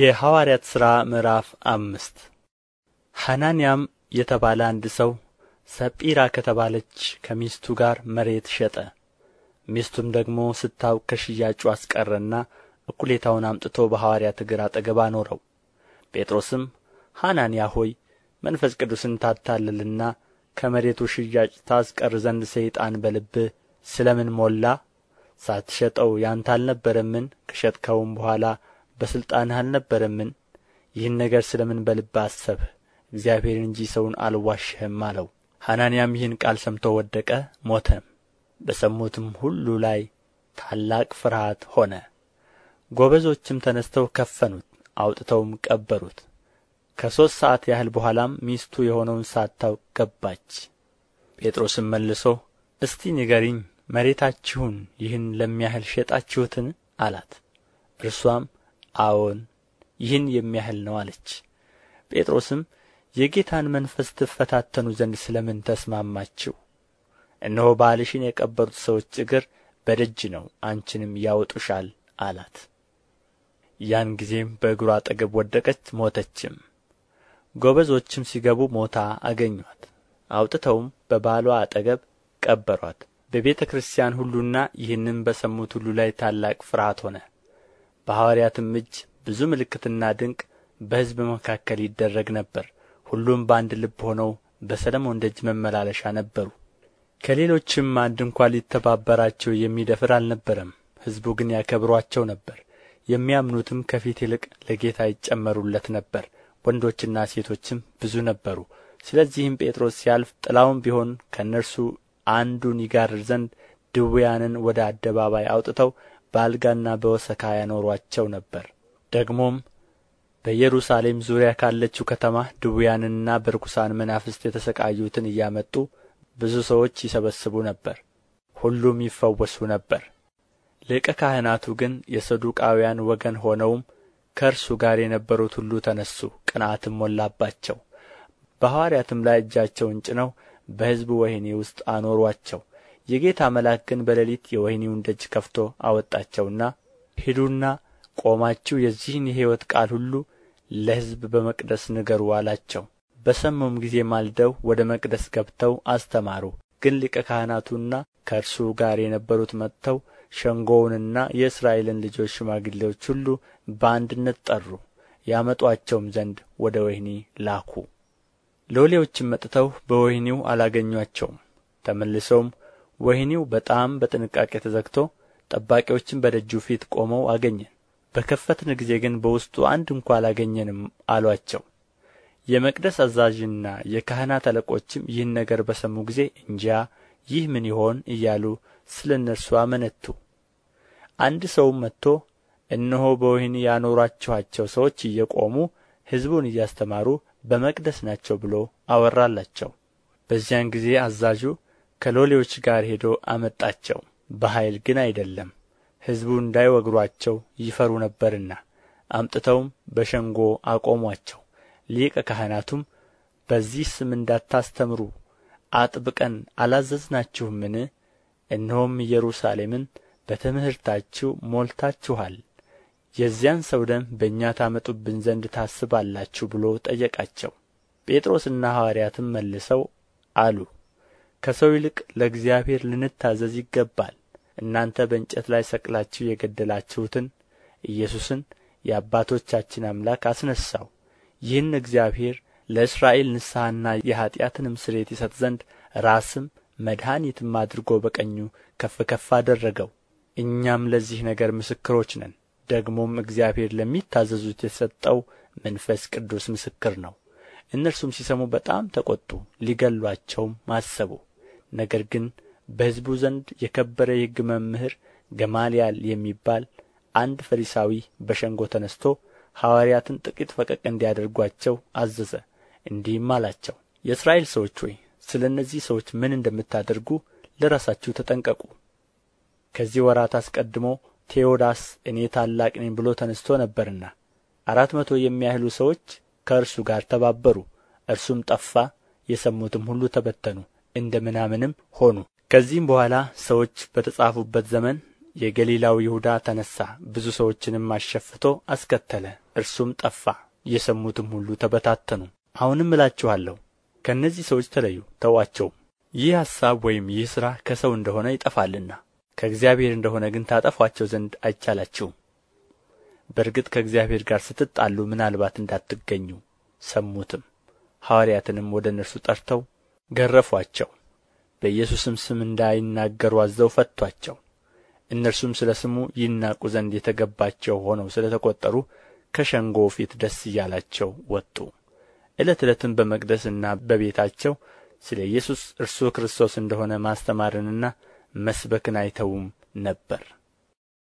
የሐዋርያት ሥራ ምዕራፍ አምስት ሐናንያም የተባለ አንድ ሰው ሰጲራ ከተባለች ከሚስቱ ጋር መሬት ሸጠ። ሚስቱም ደግሞ ስታውቅ ከሽያጩ አስቀረና እኩሌታውን አምጥቶ በሐዋርያት እግር አጠገብ አኖረው። ጴጥሮስም ሐናንያ ሆይ መንፈስ ቅዱስን ታታልልና ከመሬቱ ሽያጭ ታስቀር ዘንድ ሰይጣን በልብህ ስለ ምን ሞላ? ሳትሸጠው ያንተ አልነበረምን? ከሸጥከውም በኋላ በሥልጣንህ አልነበረምን ይህን ነገር ስለ ምን በልብ አሰብህ እግዚአብሔርን እንጂ ሰውን አልዋሸህም አለው ሐናንያም ይህን ቃል ሰምቶ ወደቀ ሞተም በሰሙትም ሁሉ ላይ ታላቅ ፍርሃት ሆነ ጐበዞችም ተነሥተው ከፈኑት አውጥተውም ቀበሩት ከሦስት ሰዓት ያህል በኋላም ሚስቱ የሆነውን ሳታውቅ ገባች ጴጥሮስም መልሶ እስቲ ንገሪኝ መሬታችሁን ይህን ለሚያህል ሸጣችሁትን አላት እርሷም አዎን ይህን የሚያህል ነው አለች ጴጥሮስም የጌታን መንፈስ ትፈታተኑ ዘንድ ስለ ምን ተስማማችሁ እነሆ ባልሽን የቀበሩት ሰዎች እግር በደጅ ነው አንቺንም ያወጡሻል አላት ያን ጊዜም በእግሩ አጠገብ ወደቀች ሞተችም ጎበዞችም ሲገቡ ሞታ አገኟት አውጥተውም በባሏ አጠገብ ቀበሯት በቤተ ክርስቲያን ሁሉና ይህንም በሰሙት ሁሉ ላይ ታላቅ ፍርሃት ሆነ በሐዋርያትም እጅ ብዙ ምልክትና ድንቅ በሕዝብ መካከል ይደረግ ነበር ሁሉም በአንድ ልብ ሆነው በሰለሞን ደጅ መመላለሻ ነበሩ ከሌሎችም አንድ እንኳ ሊተባበራቸው የሚደፍር አልነበረም ሕዝቡ ግን ያከብሯቸው ነበር የሚያምኑትም ከፊት ይልቅ ለጌታ ይጨመሩለት ነበር ወንዶችና ሴቶችም ብዙ ነበሩ ስለዚህም ጴጥሮስ ሲያልፍ ጥላውም ቢሆን ከእነርሱ አንዱን ይጋርር ዘንድ ድውያንን ወደ አደባባይ አውጥተው በአልጋና በወሰካ ያኖሯቸው ነበር። ደግሞም በኢየሩሳሌም ዙሪያ ካለችው ከተማ ድውያንና በርኩሳን መናፍስት የተሰቃዩትን እያመጡ ብዙ ሰዎች ይሰበስቡ ነበር፣ ሁሉም ይፈወሱ ነበር። ሊቀ ካህናቱ ግን የሰዱቃውያን ወገን ሆነውም ከእርሱ ጋር የነበሩት ሁሉ ተነሱ፣ ቅንዓትም ሞላባቸው። በሐዋርያትም ላይ እጃቸውን ጭነው በሕዝቡ ወህኒ ውስጥ አኖሯቸው። የጌታ መልአክ ግን በሌሊት የወህኒውን ደጅ ከፍቶ አወጣቸውና ሂዱና ቆማችሁ የዚህን የሕይወት ቃል ሁሉ ለሕዝብ በመቅደስ ንገሩ አላቸው። በሰሙም ጊዜ ማልደው ወደ መቅደስ ገብተው አስተማሩ። ግን ሊቀ ካህናቱና ከእርሱ ጋር የነበሩት መጥተው ሸንጎውንና የእስራኤልን ልጆች ሽማግሌዎች ሁሉ በአንድነት ጠሩ። ያመጧቸውም ዘንድ ወደ ወህኒ ላኩ። ሎሌዎችም መጥተው በወህኒው አላገኟቸውም። ተመልሰውም ወህኒው በጣም በጥንቃቄ ተዘግቶ ጠባቂዎችን በደጁ ፊት ቆመው አገኘን። በከፈትን ጊዜ ግን በውስጡ አንድ እንኳ አላገኘንም አሏቸው። የመቅደስ አዛዥና የካህናት አለቆችም ይህን ነገር በሰሙ ጊዜ እንጃ ይህ ምን ይሆን እያሉ ስለ እነርሱ አመነቱ። አንድ ሰውም መጥቶ እነሆ በወህኒ ያኖራችኋቸው ሰዎች እየቆሙ ሕዝቡን እያስተማሩ በመቅደስ ናቸው ብሎ አወራላቸው። በዚያን ጊዜ አዛዡ ከሎሌዎች ጋር ሄዶ አመጣቸው፣ በኃይል ግን አይደለም፣ ሕዝቡ እንዳይወግሩአቸው ይፈሩ ነበርና። አምጥተውም በሸንጎ አቆሟቸው። ሊቀ ካህናቱም በዚህ ስም እንዳታስተምሩ አጥብቀን አላዘዝናችሁምን? እነሆም ኢየሩሳሌምን በትምህርታችሁ ሞልታችኋል፣ የዚያን ሰው ደም በእኛ ታመጡብን ዘንድ ታስባላችሁ ብሎ ጠየቃቸው። ጴጥሮስና ሐዋርያትም መልሰው አሉ ከሰው ይልቅ ለእግዚአብሔር ልንታዘዝ ይገባል እናንተ በእንጨት ላይ ሰቅላችሁ የገደላችሁትን ኢየሱስን የአባቶቻችን አምላክ አስነሳው ይህን እግዚአብሔር ለእስራኤል ንስሐና የኀጢአትንም ስሬት ይሰጥ ዘንድ ራስም መድኃኒትም አድርጎ በቀኙ ከፍ ከፍ አደረገው። እኛም ለዚህ ነገር ምስክሮች ነን። ደግሞም እግዚአብሔር ለሚታዘዙት የሰጠው መንፈስ ቅዱስ ምስክር ነው። እነርሱም ሲሰሙ በጣም ተቈጡ፣ ሊገሏቸውም አሰቡ። ነገር ግን በሕዝቡ ዘንድ የከበረ የሕግ መምህር ገማልያል የሚባል አንድ ፈሪሳዊ በሸንጎ ተነስቶ ሐዋርያትን ጥቂት ፈቀቅ እንዲያደርጓቸው አዘዘ። እንዲህም አላቸው፣ የእስራኤል ሰዎች ሆይ ስለ እነዚህ ሰዎች ምን እንደምታደርጉ ለራሳችሁ ተጠንቀቁ። ከዚህ ወራት አስቀድሞ ቴዎዳስ እኔ ታላቅ ነኝ ብሎ ተነስቶ ነበርና አራት መቶ የሚያህሉ ሰዎች ከእርሱ ጋር ተባበሩ። እርሱም ጠፋ፣ የሰሙትም ሁሉ ተበተኑ። እንደ ምናምንም ሆኑ ከዚህም በኋላ ሰዎች በተጻፉበት ዘመን የገሊላው ይሁዳ ተነሣ ብዙ ሰዎችንም አሸፍቶ አስከተለ፣ እርሱም ጠፋ። የሰሙትም ሁሉ ተበታተኑ። አሁንም እላችኋለሁ ከእነዚህ ሰዎች ተለዩ፣ ተዋቸውም። ይህ ሐሳብ ወይም ይህ ሥራ ከሰው እንደሆነ ይጠፋልና፣ ከእግዚአብሔር እንደሆነ ግን ታጠፏቸው ዘንድ አይቻላችሁም። በእርግጥ ከእግዚአብሔር ጋር ስትጣሉ ምናልባት እንዳትገኙ ሰሙትም። ሐዋርያትንም ወደ እነርሱ ጠርተው ገረፏቸው በኢየሱስም ስም እንዳይናገሩ አዘው ፈቷቸው እነርሱም ስለ ስሙ ይናቁ ዘንድ የተገባቸው ሆነው ስለ ተቈጠሩ ከሸንጎው ፊት ደስ እያላቸው ወጡ ዕለት ዕለትም በመቅደስና በቤታቸው ስለ ኢየሱስ እርሱ ክርስቶስ እንደሆነ ማስተማርንና መስበክን አይተውም ነበር